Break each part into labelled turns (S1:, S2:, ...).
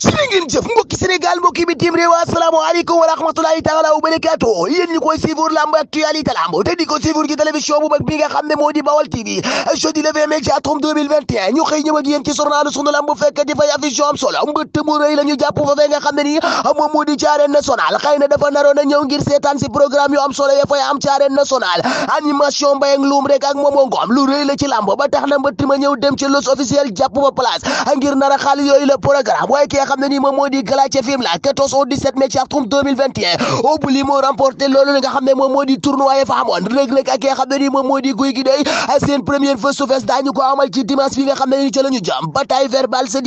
S1: jërë ngeen jëf mbokki Sénégal mbokki bitim réew asalaamaaleykum wa rahmatulahi taala wa barakaatu yéen ñi koy suivre lamb actualité lamb te di ko suivre ci télévision bu mag bi nga xam ne moo di Bawal TV jeudi le 20 mai ci atum 2021 ñu xëy ñëw ak yéen ci journalu sunu lamb fekk di fay affiche am solo mbëtt mu rëy la ñu jàpp fa fee nga xam ne nii moom moo di ci arène nationale xëy na dafa naroon a ñëw ngir seetaan si programme ma ñëw dem ci los officiel a yooyu xam ne nii moom moo di gala ca fim la quatorze au 17 mai ci atum 2021 Obli moo remporté loolu nga xam ne moom moo tournoi yi fa amoon rëg xam ne nii moom moo guy gi doy seen première face to face ko amal ci dimanche bi nga xam ne nii ca la ñu jëm bataille verbale ce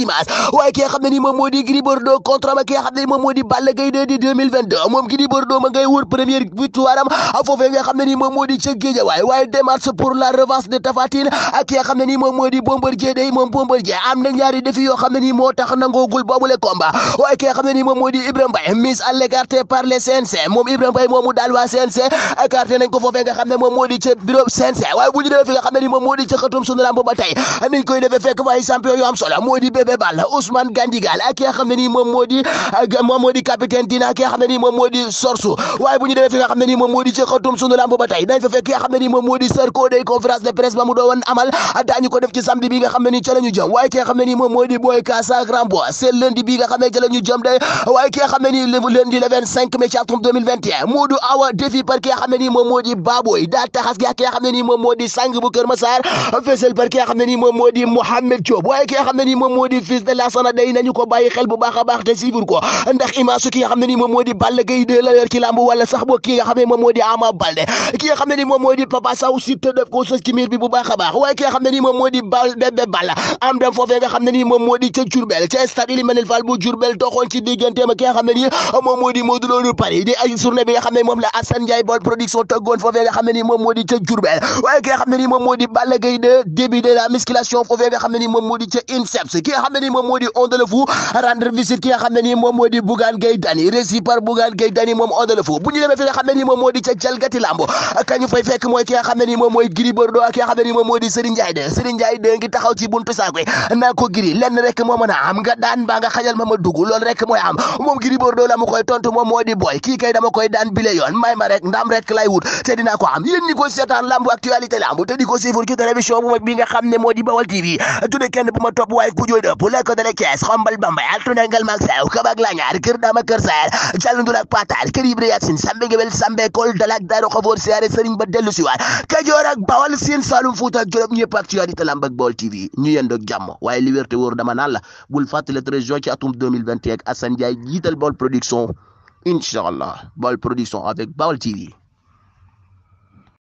S1: waaye ki xam ne nii moom moo di Gris contre ma ki nga xam ne nii moom moo di Balla Gaye 2 di 2022 moom pour la revanche de Tapha Tine ak xam ne nii moom na boobule waaye ki xam ne nii moom moo di Ibrahima Mbaye mise à l'écart par les CNC moom Ibrahima Mbaye moomu daal waa nañ ko foofee nga xam ne moom moom moo di ca xatum sunu lamb ba koy defee fekk waaye champion yu solo moo di Bébé Balla Ousmane Gandigal ak ki xam ne nii moom moo di moom moo di xam ne nii moom moo Sorsu waaye bu ñu demee fi xam ne nii moom moo di ca xatum sunu lamb dañ fekk ki xam ne nii moom moo di Sarko samedi bi nga xam ne ca lundi le 25 mai ci atum 2021 Modou Awa défi par ki xam ne nii moom Baboy daa taxas ki xam ne nii moom moo bu Kër Massar fésal par ki xam ne nii moom moo di Mouhamed ki xam ne nii moom moo di fils de day nañu ko bàyyi xel bu baax a te siibur ko ndax image ki xam ne nii moom moo di Balla la yor ci sax boo ki xam ne moom moo di Ama Baldé ki xam ne nii moom moo di Papa Sow Siteu ko sës ci miir bi bu baax a baax ki xam ne nii Fall bu Jurbel doxoon ci digganteem ki nga xam moom moo di Modou Lo lu ay journée bi nga xam moom la di ca Jurbel waaye ki nga xam moom moo di Balla Gaye de début de la musculation foofee nga xam ne nii moom moo di ca INSEPS ki nga xam moom moo di Onda le Fou ki nga xam moom moo di Bougane Gueye Dany réci par Bougane Gueye Dany moom Onda le fi nga xam ne moom moo di ca jalgati lambo kañu fay fekk mooy ki nga xam moom mooy giri lenn a xajal ma ma dugg loolu rek mooy am moom Gris Bordeaux la mu tontu moom moo di booy kii kay dama koy daan may ma rek ndam rek lay wut te dinaa ko am yéen ñi ko lambu actualité lambu te ko suivre ci télévision bu mag bi xam ne moo Bawal TV tuddee kenn bu ma topp waaye ku jooy dëpp lekk kees xombal bambay ak tunengal mag sew kabak la ñaar kër dama kër saer calndul ak ak bawal siin saalum fuuta ak juróom ñëpp actualité ci atum 2021 ak Assane Ndiaye jiital Baol production incha allah Baol production avec Baol TV